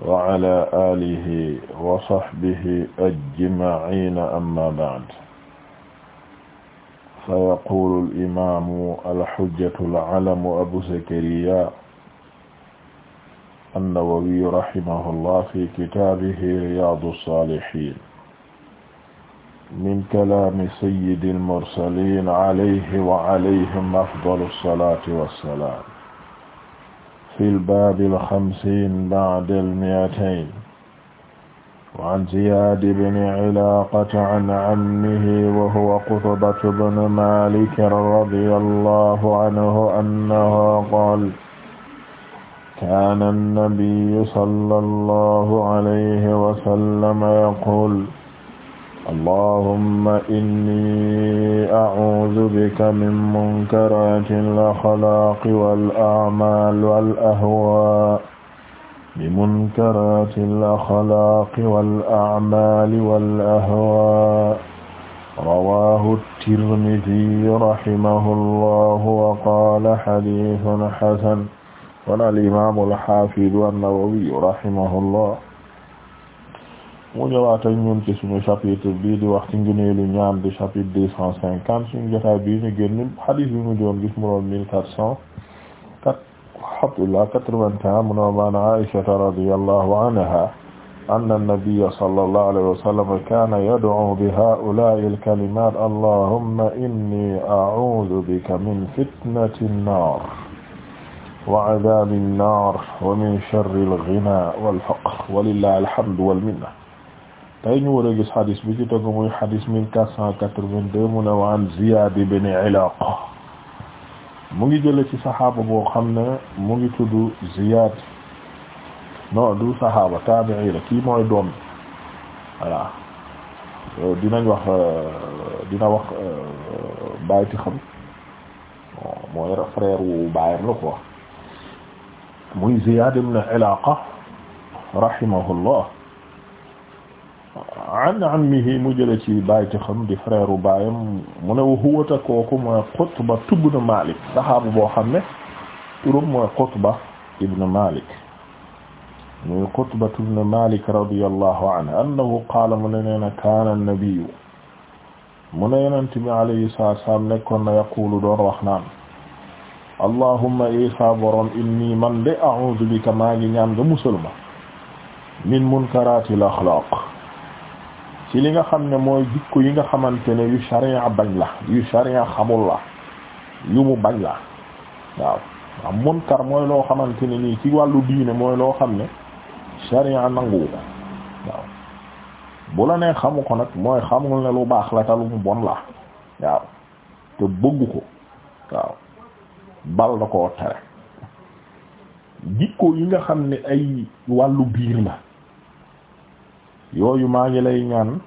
wa ala alihi wa sahbihi ajma'iina amma ba'd fa yaquulu al-imaamu al-hujjatu al-'alamu abu zakariyaa an-nawawi rahimahullah fi kitaabihi riyaadu saalihiin min kalaami sayyidil mursaliin alayhi wa alayhim afdalu salaati wa salaam fi lbaabi alxamsiin bacda almi'atayn wa an Ziyaad bni Cilaaqata an cammihi wa huwa Qutbatu bnu Maalik radiyallaahu canhu annahu qaala kaana annabiyyu sallallaahu calayhi wa sallam yaquulu allahumma inni a'uudu bika min munkarati al-axlaaqi wal a'maal wal ahwaa min munkarati al-axlaaqi wal a'maal wal ahwaa rawaahu at-Tirmidhi rahimahullah wa qaala hadiisun hasan qaala al-imaam al-haafiz an-Nawawi rahimahullah mu ñëwaat ak ñun ci suñu chapitre bii di wax ci ngëneelu ñaan di chapitre deux cent cinquante suñu jotaay bii ñu génn hadith bi mu doon gis mu doon mille quatre cent quatre alhamdulillah quatre-vingt-un mu doon waan Aisha radiyallahu anha anna nabiyya sallallahu alayhi wa sallam kaana yad'u bi haa'ulaa'i al-kalimaat allahumma inni a'uudhu bika min fitnati an-naar wa 'adhaabi an-naar wa min sharri al-ghinaa wal-faqr wa lillahi al-hamdu wal-minna tey ñu war a gis xadis bi ci tegu muy xadis 1482 mu ne wa an Ziyaad ibn Ilaaq mu ngi jële ci saxaaba boo xam ne mu ngi tudd Ziyaad non du saxaaba taabi'i la mooy doom voilà euh, dinañ wax euh, dina wax euh, bàyti xam mooy frère wu bàyyam la quoi muy Ziyaad ibn Ilaaqa rahimahullah an ammihi mu jële ci bàyyi ci xam di frère u baayam mu ne wa huwata kooku mooy Qutba ibn Malik saxaabu boo xam ne turam mooy Qutba ibn Malik muy Qutba ibn Malik radiyallahu anhu annahu qaala mu ne nee na kaana nabiyu mu ne yonent bi alayhi salaatu wa salaam nekkoon na yaqulu doon wax naan allahumma isa borom inni man de a'udhu bika maa ngi ñaan nga musulma min munkaratil axlaaq ci li nga xam ne mooy jikko yi nga xamante ne yu sharia bañ la yu sharia xamul la yu mu bañ la waaw waaw munkar mooy loo xamante ne nii ci wàllu diine mooy loo xam ne sharia nanguwu ko waaw bu la nee xamu ko nag mooy xamul ne lu baax la te lu mu bon la waaw te bëggu ko waaw bal da koo tere jikko yi nga xam ne ay wàllu biir la yooyu maa ngi lay ñaan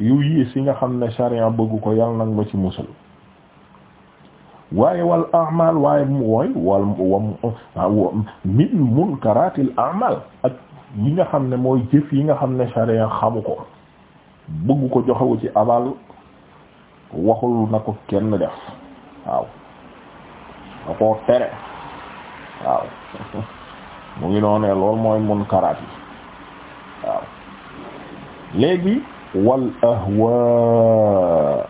yu yiis yi nga xam ne sharia bëgg ko yàlla nag ma ci musal waaye wal amal waaye mooy wal wam ah, min munkaratil amal ak yi nga xam ne mooy jëf yi nga xam ne sharia xamu ko bëgg ko joxewu ci abal waxul na ko kenn def waaw da koo tere waaw mu ngi noonee lool mooy munkaraat yi waaw léegi wal ahwa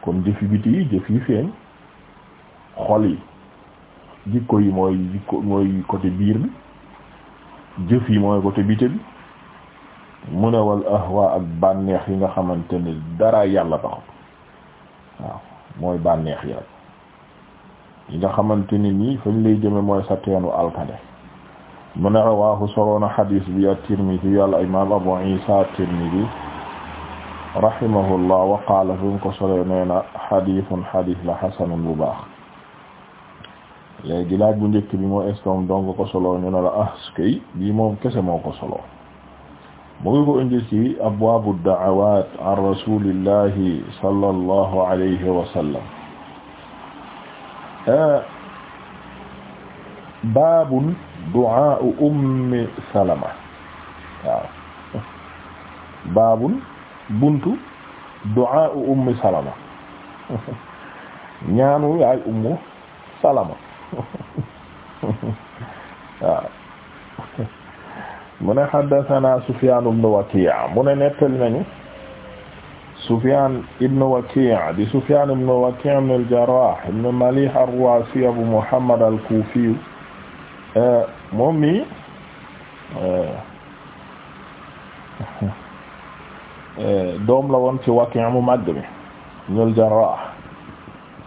kon jëfi biti yi jëf yi feeñ xol yi jikko yi mooy jikko mooy côté biir bi jëf yi mooy côté biti bi mu ne wal ahwa ak bànneex yi nga xamante ne dara yàlla taxut waaw mooy bànneex yi rek yi nga xamante ni nii fañ lay jëme mooy sa teenu alkade mu ne rawaahu soloona xadis bi at-Tirmidi yàlla imaam Abu Isa at-Tirmidi rahimahullah wa qaala fi mu ko solee nee na xadisun xadis la xasanun bu baax léegi laaj bu njëkk bi moo est-ce que moom donc ko soloo ñu ne la ah skey bii moom kese moo ko soloo mu ngi ko indi ci abwaabu da'awaat an rasuulillahi sallallahu alayhi wa sallam eh, baabun du'a ummi salama waaw baabun buntu du'a ummi salama ñaanu yaay ummu salama waaw mu ne haddathana Sufyan ibn Waki' mu ne nettali nañu Sufyan ibn Waki' di Sufyan ibn Waki' ibn al-Jarrah ibn Malih ar-Ru'asi Abu Muhammad al-Kufi Euh, moom mi euh, euh, doom la woon ci Waki' mu màgg mi ñul Jarrah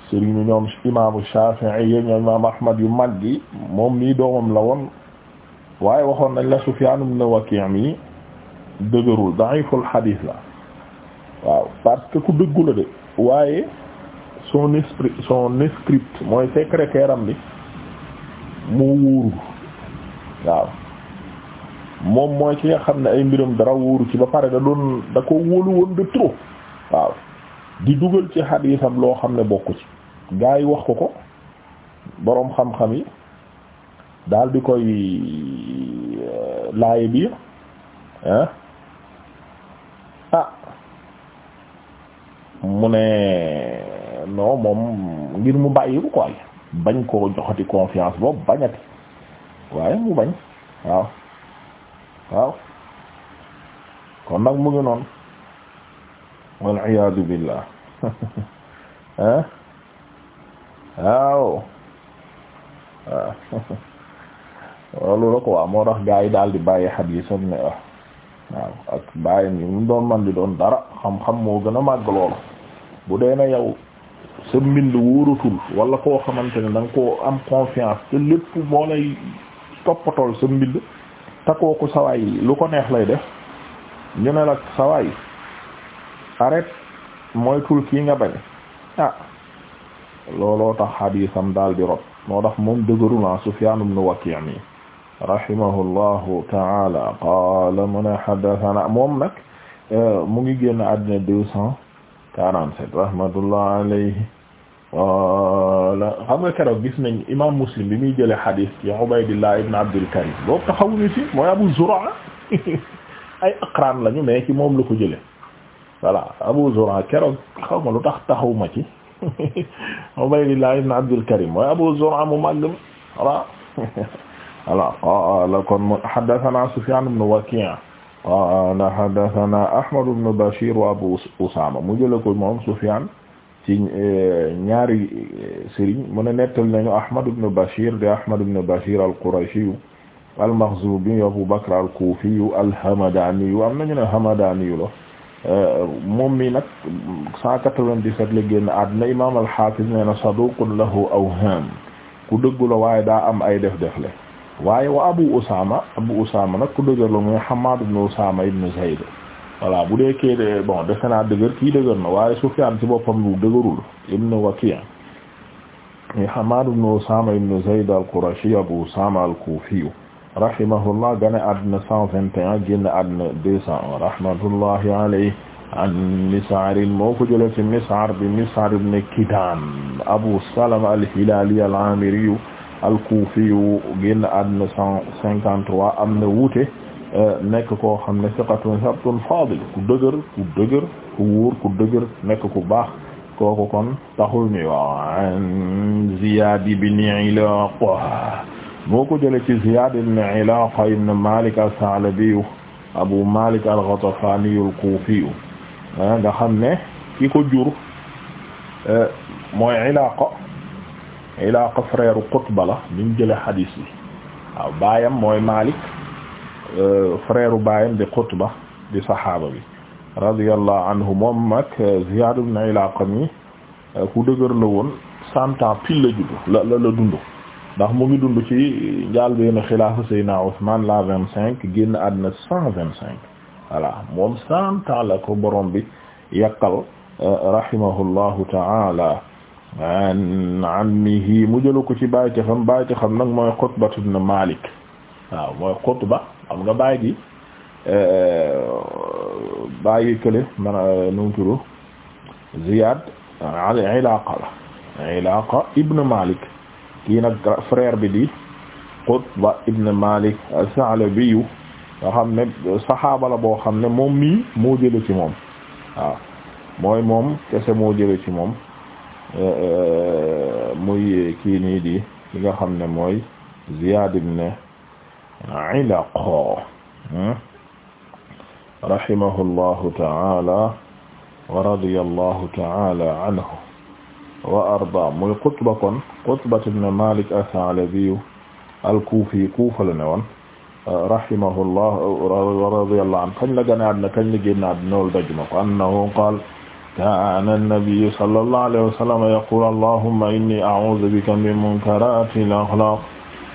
sëriñu ñoom imaamu Shafi'i yi ñoom imaam Ahmad yu mag yi moom mii doomam la woon waaye waxoon nañ la Sufyan ibn Waki' mi dëgërul da'iful hadith la waaw parce que ku dëggu la de waaye son esprit son script mooy secrétaire am bi moo wóoru waaw moom mooy ki xam ne ay mbiram dara wóoru ci ba pare da doon da ko wóolu woon de trop waaw di dugal ci xadiisam loo xam ne bokk ci gaa yi wax ko ko boroom xam-xam yi daal di koy euh, laayi biir ah mu ne non moom ngir mu bàyyi ko quoi bañ ko joxati confiance boobu bañati waaye mu bañ waaw waaw kon nag mu ngi noon wal iyaadu billah ah waaw waaw loolu la ko waaw moo tax gaa yi daal di bàyyi xadiisam ne ah waaw ak bàyyi ni mu doon man di doon dara xam-xam moo gën a màgg loolu bu dee na yow sa mbind wóoratul walla koo xamante ne da koo am confiance te lépp moo lay toppatool sa mbind te kooku sawaay lu ko neex lay def ñu ne la sawaay arrête moytul kii nga bañ ah looloo tax xadiisam daal di rot moo tax moom dëgëruna ah Sufyaan ibn Wakii' mi rahimahullahu taala qaala ne xadatana moom nag euh, mu ngi génn àddina deux cent 47 rahmatullah alayhi wala xam nga keroog gis nañ imam Muslim bi muy jële hadis ci Ubaydillah ibn Abdul Karim boobu taxawuñu ci mooy Abu Zur'a ay aqran lañu mais ci moom la ko jële voilà Abu Zur'a keroog xaw ma lu tax taxaw ma ci Ubaydillah ibn Abdul Karim mooy Abu Zur'a mu màgg voilà voilà qala kon haddathana Sufyan ibn Waki' qaala haddathana Ahmad ibn Bashir wa Abu Usama mu jëlee ko moom Sufyan ci eh, ñaari eh, sëriñ mu ne nettal nañu Ahmad ibn Bashir de Ahmad ibn Bashir al-Qurashi al-Makhzubi Abu Bakr al-Kufi al-Hamadani am nañu ne Hamadani la eh, moom mi nag 197 la génn àdduna imaam al-Hafiz nee na saduqun lahu awham ku dëggu la waaye daa am ay def-def la waaye wa abu usama abu usama nag ku dëgër la mooy hamad ibn usama ibn zayd voilà bu dee kee bon defe naa dëgër kii dëgër na waaye sufyan ci boppam lu dëgërul ibn waki' muy hamad ibn usama ibn zayd al-qurashi abu usama al-kufi rahimahullah gane àddina cent vingt et un génn àddina deux cent un rahmatullahi alayhi moo ko jëlee ci Mis'ar bi Mis'ar Abu Salama al-Hilali al-Amiri al-Kufiyu génn am na wuute euh, nekk koo xam ne siqatun sabtun faadil ku dëgër ku dëgër ku dëgër nekk ku baax kooku kon taxul mi waaw an Ziyad ibn Ilaqa moo ko jële ci Ziyad ibn Ilaqa ibn Malik as-Sa'labi Abu Malik al-Ghatafani al-Kufi xam ne ki ko jur euh, mooy Ilaqa Ilaqa frère Qutba la ñu jëlee hadis bi waaw baayam mooy Malik euh, frère baayam di Qutba di saxaaba bi radiyallahu anhu moom nag euh, Ziyad ibn Ilaqa mi euh, ku dëgër la woon cent ans pile la judd la la la dund ndax mu ngi dund ci njàlbéenu xilaafa Seydina Ousmane la vingt cinq génn àddina cent vingt cinq voilà moom cent ans la ko borom bi yàqal rahimahullahu ta'ala an ammihi mu jëla ko ci bàyyi ca xam bàyyi ca xam nag mooy Qutba ibn Malik waaw mooy Qutba xam nga bàyyi gi euh, bàyyi kële man euh, nu mu tudd Ziyad Ilaqa la Ilaqa ibn Malik kii nag frère bi di Qutba ibn Malik as-Sa'labi nga xam ne saxaaba la boo xam ne moom mii moo jële ci moom waaw mooy moom kese moo jële ci moom Euh, muy kii nii di ki nga xam ne mooy Ziyaad ibn Ilaq hmm? rahimahullahu ta'ala wa radiyallahu ta'ala anhu wa arda muy Qutba kon Qutba ibn Malik as-Sa'labi al-Kufi Kufa la newoon rahimahullah wa radiyallahu anhu kañ la gane àddina kañ la génn àddina loolu daj ma ko annahu qaala kaana nabiyyu sallallahu alayhi wa sallam yaqulu allahumma inni a'uudu bika min munkaraatil axlaaq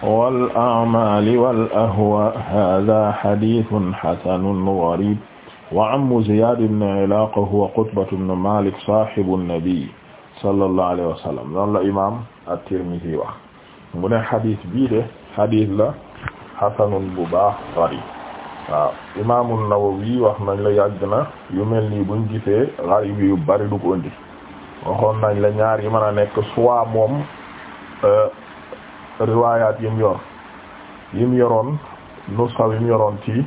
wal a'maali wal ahwaa haazaa hadiisun hasanun gariib wa ammu Ziyaad ibn Ilaaqa huwa Qutbatu bnu Maalik saahibu nabiy sallallahu alayhi wa sallam noonu la imaam at-Tirmidhi wax mu ne xadis bii de xadis la hasanun bu baax gariib waaw Imaam An-Nawawi wax nañ la yàgg na yu mel nii buñ gisee gharib yu bari du ko indi waxoon nañ la ñaar yi mën a nekk soit moom euh, riwaayaat yim yor yim yoroon nusxa yim yoroon ci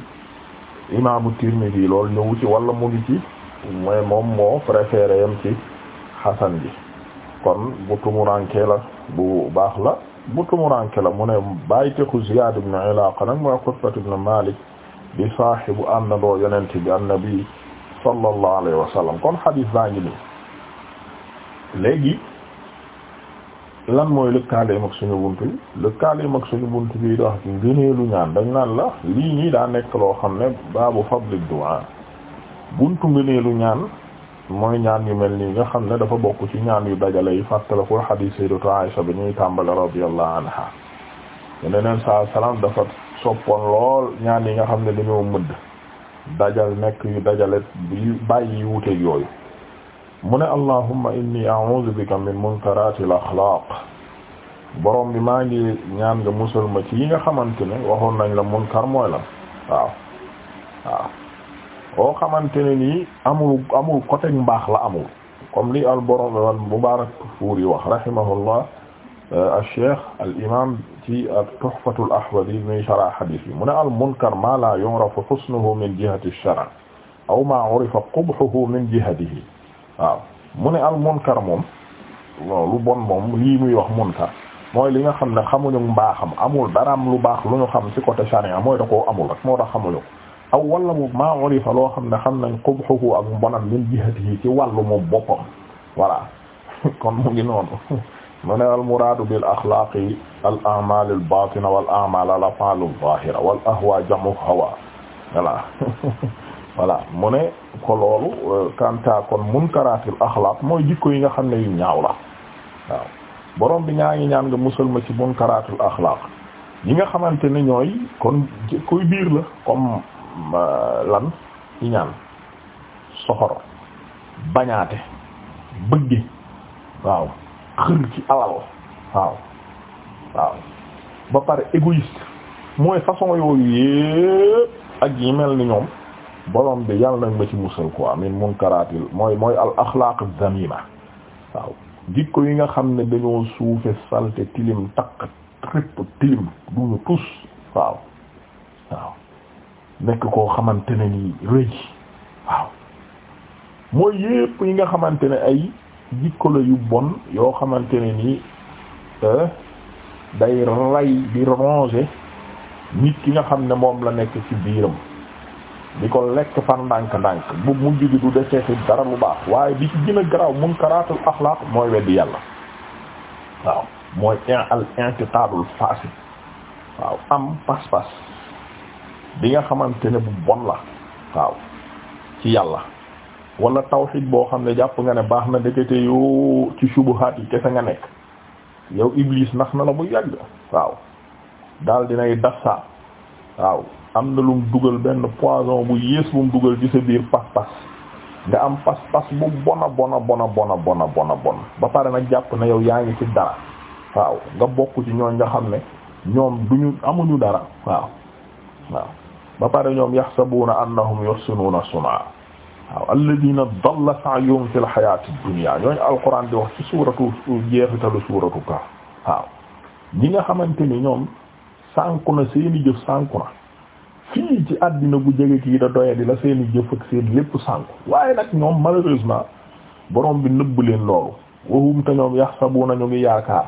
Imaamu Tirmidhi loolu ñëwu ci walla mu ngi ci moom moo préféré yam ci xasan bi kon bu tumuranke la bu baax la bu tumuranke la mu ne bàyyi teku Ziyaad ibn Ilaaqa nag mooy Qutbat ibn Maalik bu saahibu àndandoo yonent bi annabi sallallahu alayhi wa sallam kon xadis baa ngi nii léegi lan mooy lëkkaaleem ak suñu bunt bi lëkkaaleem ak suñu bunt bi da ci ngëneelu ñaan dañ naan la lii nii daa nekk loo xam ne baabu fadli du'a buntu ngëneelu ñaan mooy ñaan yu mel nii nga xam ne dafa bokk ci ñaan yu dajale yi fàttala ko xadis sayyidatu Aisha bi ñuy tàmbale radiyallahu anha yeneen saa salaam dafa soppoon lool ñaan yi nga xam ne dañoo mëdd dajal nekk yu dajale yu bàyyi yu wuute yooyu mu ne allahumma inni a'udhu bika min munkaratil axlaaq borom bi maa ngi ñaan nga musal ci yi nga xamante ne waxoon nañ la munkar mooy la waaw waaw boo xamante ne nii amul amul côté mbaax la amul comme lii al borom al Mubaarakfuuri wax rahimahullah Euh, al-Cheikh al-Imam ci Tuhfatul Ahwadi muy sharh hadis bi mu ne al-munkar ma la yu'rafu husnuhu min jihati ash-shar' aw ma urifa qubhuhu min jihatihi waaw mu ne al-munkar moom loolu bon moom lii muy wax munkar mooy li nga xam ne xamuñu mbaaxam amul daraam lu baax lu ñu xam ci côté charia mooy da koo amul rek moo tax xamuñu aw wala mu ma urifa loo xam ne xam nañ qubhuhu ak mbonam min jihatihi ci wàllu moom boppam voilà kon mu ngi noonu mu ne al muraadu bil axlaaqi al a'maal al baatina wal a'maal al af'aal al zaahira wal ahwaa jamu hawa voilà mu ne ko loolu kanta kon munkaraatil axlaaq mooy jikko yi nga xam ne yu ñaaw la waaw borom bi ñaa ngi ñaan nga musal ma ci munkaraatil axlaaq yi nga xamante ne ñooy kon koy biir la comme euh, lan i ñaan soxor bañaate bëgge waaw xër ci alal waaw waaw ba pare égoïste mooy façon yooyu yépp ak yi mel ni ñoom borom bi yàlla nag ma ci musal quoi min munkaraatil mooy mooy al axlaaq zamima waaw jikko yi nga xam ne dañoo suufe salte tilim takk tripp tilim duñu tus waaw waaw nekk koo xamante ne nii rëy waaw mooy yépp yi nga xamante ne ay jikko la yu bon yoo xamante ne nii euh, day ray di ronger nit ki nga xam ne moom la nekk ci biiram di ko lekk par ndànk-ndànk bu mujj bi du defeeti dara lu baax waaye bi ci gën a garaaw munkaraatul axlaaq mooy weddi yàlla waaw mooy al intiqadul fasid am pas-pas bi nga xamante ne bu bon la waaw ci yàlla wala tawxid boo xam ne jàpp nga ne baax na ndekete yoo ci subuhaat yi kese nga nekk yow iblis nax na la bu yàgg waaw daal dinay dafsa waaw am na lu mu dugal benn poison bu yées bu mu dugal ci sa biir pas-pas nga am pas-pas bu bona bona bona a bona bona bon ba pare nag jàpp na yow yaa ngi ci dara waaw nga bokk ci ñooñ nga xam ne ñoom duñu amuñu dara waaw waaw ba pare ñoom yaxsabuuna annahum yuhsinuuna sun'a waaw alladina dalla sa'yuhum fil hayati dunya ñooñu alquran di wax ci suuratu jeexitalu suuratu Kaaf waaw ñi nga xamante ni ñoom sànku na seeni jëf sànku na fii ci àddina bu jege kii da doya di la seeni jëf ak seen lépp sànku waaye nag ñoom malheureusement borom bi nëbb leen loolu wahum te ñoom na ñu ngi yaakaar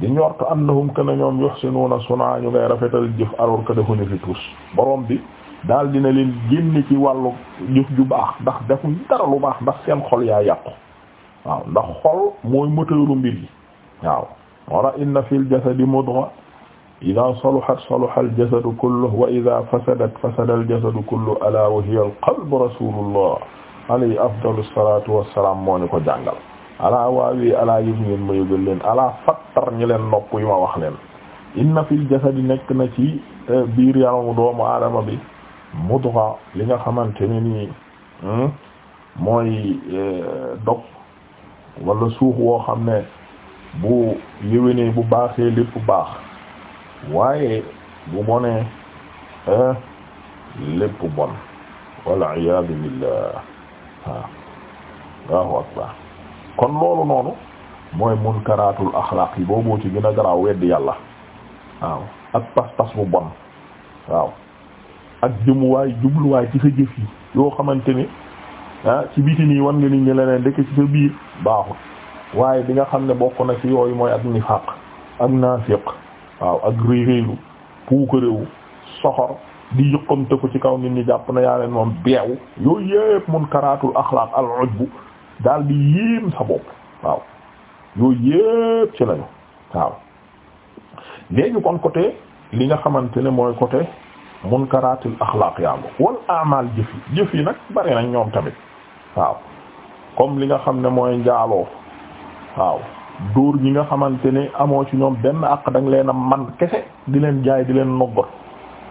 di ñortu annahum kana ñoom yuhsinuuna sunaa ñu ngay rafetal jëf alors que defuñu fi tuus borom bi daal dina leen génn ci wàllu jëf ju baax ndax defuñ dara lu baax ndax seen xol yaa yàqu waaw ndax xol mooy moteuru mbir yi waaw wala inna fil jasadi mudgha ida saluhat saluha al jasadu kulluhu wa ida fasadat fasada al jasadu kulluhu ala wa hiya al qalbu rasulullah alayhi afdalu salatu wassalam moo ñu ko jàngal alaa waawi alaa yëg ngeen ma yëgal leen alaa fattar ñi leen nopp yu ma wax leen inna fil jasadi nekk na ci eh, biir yaramu doomu aadama bi mudgha li nga xamante ne nii hmm, mooy eh, dog walla suux woo xam ne bu yéwénee bu baaxee lépp baax waaye bu bonee eh, lépp bon wal iyaadu billah waaw Allahu akbar kon loolu noonu mooy munkaraatul axlaaq yi booboo ci gën garaaw weddi yàlla waaw ak pas-pas bu bon waaw ak jëmuwaay jubluwaay ci sa jëf yi yoo xamante ni ah ci biti nii wan nga nit ñi leneen dëkk ci sa biir baaxul waaye bi nga xam ne bokk na ci yooyu mooy ak nifaaq ak naa naafiq waaw ak réeréelu puukarewu soxor di yëqamte ko ci kaw nit ñi jàpp na yaa leen moom beew yooyu yëpp mun karaatul axlaaq al ujbu daal di yéem sa bopp waaw yooyu yëpp ci lañu waaw léegi kon côté li nga xamante ne mooy côté munkaratil axlaaq yaago wal amal jëf yi jëf yi nag bari nañ ñoom tamit waaw comme li nga xam ne mooy njaaloo waaw dóor ñi nga xamante ne amoo ci ñoom benn àq da leen am man kese di leen jaay di leen noggot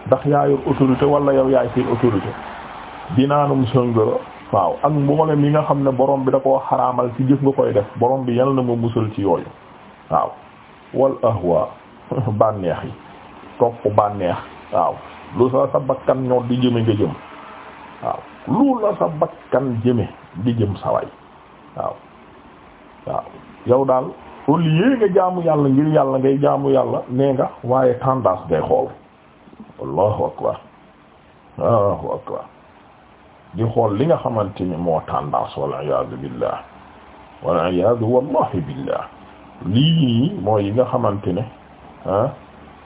ndax yaa autorité wala yow yaay seen autorité dinaanum sëngëro waaw ak mboolem yi nga xam ne borom bi da koo xaraamal ci jëf nga koy def borom bi yenn na ma musal ci yooyu waaw wal ahwa bànneex yi topp bànneex waaw lu sa sa bakkan ñoo di jëme nga jëm waaw lu la sa bakkan jëme di jëm saway waaw waaw yow daal au lieu nga jaamu yàlla ngir yàlla ngay jaamu yàlla nee nga waaye tendance ngay xool allahu akbar allahu akbar di xool li nga xamante ni moo tendance wal iyaadu billah wal iyaadu wallahi billah lii nii mooy yi nga xamante ne ah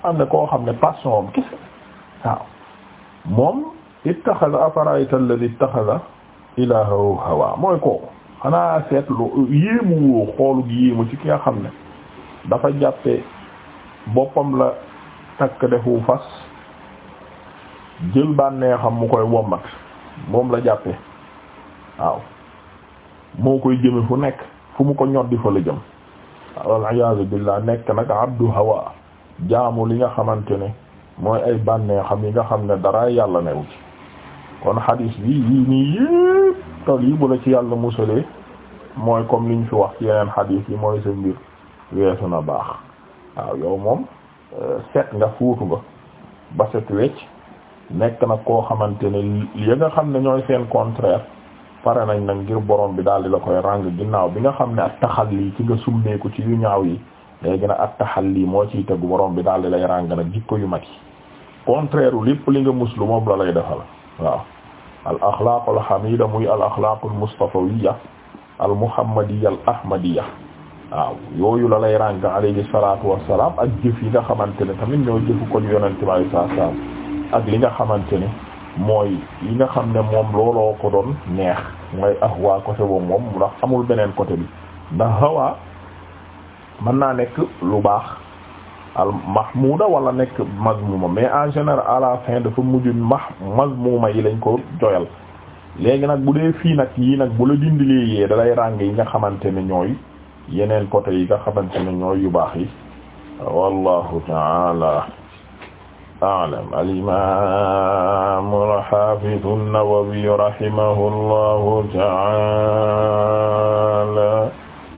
am na koo xam ne passion am kese waaw moom ittaxada afara'ayta alladhi ittaxada hawaa mooy kooku xanaa seetlu yéemu woo xoolu gi ci ki nga xam ne dafa jàppe boppam la takk defu fas jël bànneexam mu koy wommat moom la jàppe waaw moo koy jëme fu nekk fu mu ko ñoddi fa la jëm wal iyaazu billaah nekk nag abdu hawa jaamu li nga xamante ne mooy ay bànneexam yi nga xam ne dara yàlla newu ci kon xadiis bi yii nii yëpp tol yi bu la ci yàlla musalee mooy comme liñ fi wax ci yeneen xadiis yi mooy sa mbir weesu na baax waaw yow moom euh, set nga fuutu nga ba set wecc nekk nag koo xamante ne li nga xam ne ñooy seen contraire pare nañ nag ngir boroom bi daal di la koy ràng ginnaaw bi nga xam ne ak taxal lii ci nga summeeku ci yu ñaaw yi léegi nag ak lii moo ciy tegu borom bi daal di lay ràng nag jikko yu mat yi contraire lépp li nga mus lu moom la lay defal waaw al axlaaqu al xamida muy al axlaaqu al mustafawiya al muhammadiya al ahmadiya waaw yooyu la lay ràng alayhi salaatu wassalaam ak jëf yi nga xamante ne tamit ñoo jëfu ko yonente bi alayhi salaatu wassalaam ak li nga xamante ni mooy yi nga xam ne moom looloo ko doon neex mooy ahwa côté boobu moom ndax amul beneen côté bi ndax mën naa nekk lu baax al mahmuda wala nekk mazmuma mais en général à la fin dafa mujj mah mazmuma yi lañ ko joyal léegi nag bu dee fii nag yii nag bu la dindilee yee dalay ràng yi nga xamante ne ñooy yeneen côté yi nga xamante na ñooy yu baax yi wallahu taala a'lam al al hafiz an-Nawawi rahimahullahu